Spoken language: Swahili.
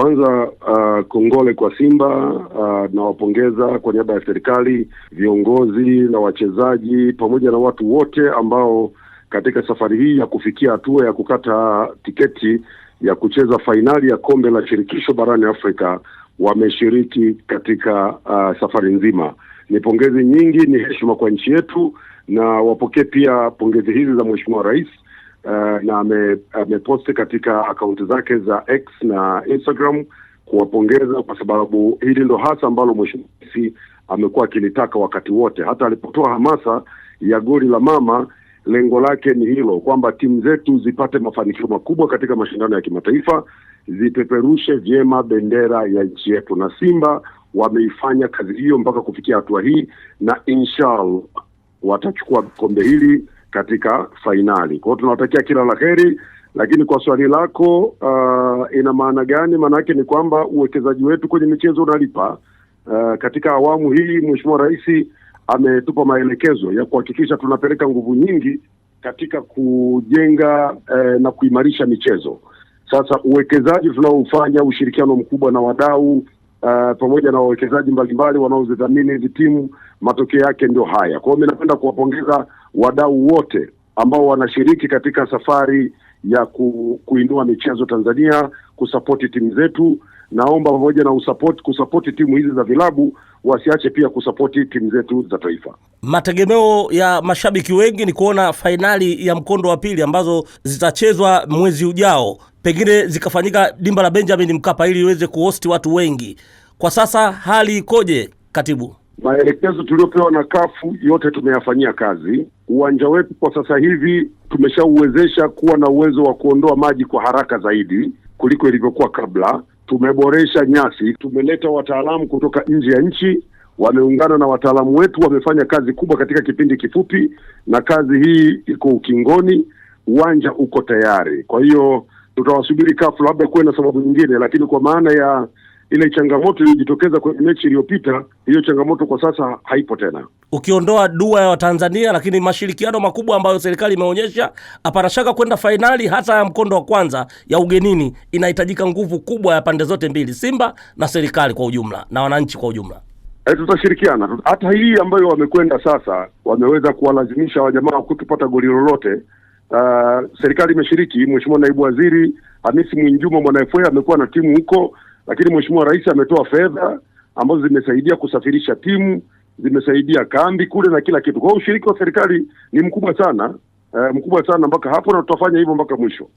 Kwanza uh, kongole kwa Simba uh, nawapongeza kwa niaba ya serikali, viongozi na wachezaji pamoja na watu wote ambao katika safari hii ya kufikia hatua ya kukata tiketi ya kucheza fainali ya kombe la shirikisho barani Afrika wameshiriki katika uh, safari nzima. Ni pongezi nyingi, ni heshima kwa nchi yetu, na wapokee pia pongezi hizi za Mheshimiwa Rais uh, na ameposti ame katika akaunti zake za X na Instagram kuwapongeza kwa sababu hili ndo hasa ambalo mweshimisi amekuwa akilitaka wakati wote. Hata alipotoa hamasa ya goli la mama, lengo lake ni hilo kwamba timu zetu zipate mafanikio makubwa katika mashindano ya kimataifa, zipeperushe vyema bendera ya nchi yetu, na Simba wameifanya kazi hiyo mpaka kufikia hatua hii, na inshallah watachukua kombe hili katika fainali. kwao tunawatakia kila la heri, lakini kwa swali lako uh, ina maana gani? Maana yake ni kwamba uwekezaji wetu kwenye michezo unalipa. Uh, katika awamu hii mweshimua Rais ametupa maelekezo ya kuhakikisha tunapeleka nguvu nyingi katika kujenga eh, na kuimarisha michezo. Sasa uwekezaji tunaofanya, ushirikiano mkubwa na wadau uh, pamoja na wawekezaji mbalimbali wanaozidhamini hizi timu, matokeo yake ndio haya. kwao mi napenda kuwapongeza wadau wote ambao wanashiriki katika safari ya ku, kuinua michezo Tanzania, kusapoti timu zetu. Naomba pamoja na usapoti, kusapoti timu hizi za vilabu wasiache pia kusapoti timu zetu za taifa. Mategemeo ya mashabiki wengi ni kuona fainali ya mkondo wa pili ambazo zitachezwa mwezi ujao, pengine zikafanyika dimba la Benjamin Mkapa ili iweze kuhosti watu wengi. Kwa sasa hali ikoje, katibu? Maelekezo tuliyopewa na kafu yote tumeyafanyia kazi uwanja wetu kwa sasa hivi tumeshauwezesha kuwa na uwezo wa kuondoa maji kwa haraka zaidi kuliko ilivyokuwa kabla. Tumeboresha nyasi, tumeleta wataalamu kutoka nje ya nchi, wameungana na wataalamu wetu, wamefanya kazi kubwa katika kipindi kifupi, na kazi hii iko ukingoni, uwanja uko tayari. Kwa hiyo tutawasubiri kafu, labda kuwe na sababu nyingine, lakini kwa maana ya ile changamoto iliyojitokeza kwenye mechi iliyopita, hiyo changamoto kwa sasa haipo tena, ukiondoa dua ya Watanzania, lakini mashirikiano makubwa ambayo serikali imeonyesha. Hapana shaka kwenda fainali hata ya mkondo wa kwanza ya ugenini, inahitajika nguvu kubwa ya pande zote mbili, Simba na serikali kwa ujumla na wananchi kwa ujumla. E, tutashirikiana hata hii ambayo wamekwenda sasa, wameweza kuwalazimisha wajamaa kutupata goli lolote. Uh, serikali imeshiriki. Mheshimiwa Naibu Waziri Hamisi Mwinjuma Mwanaifwe amekuwa na timu huko lakini Mheshimiwa Rais ametoa fedha ambazo zimesaidia kusafirisha timu, zimesaidia kambi kule na kila kitu. Kwa hiyo ushiriki wa serikali ni mkubwa sana, uh, mkubwa sana mpaka hapo, na tutafanya hivyo mpaka mwisho.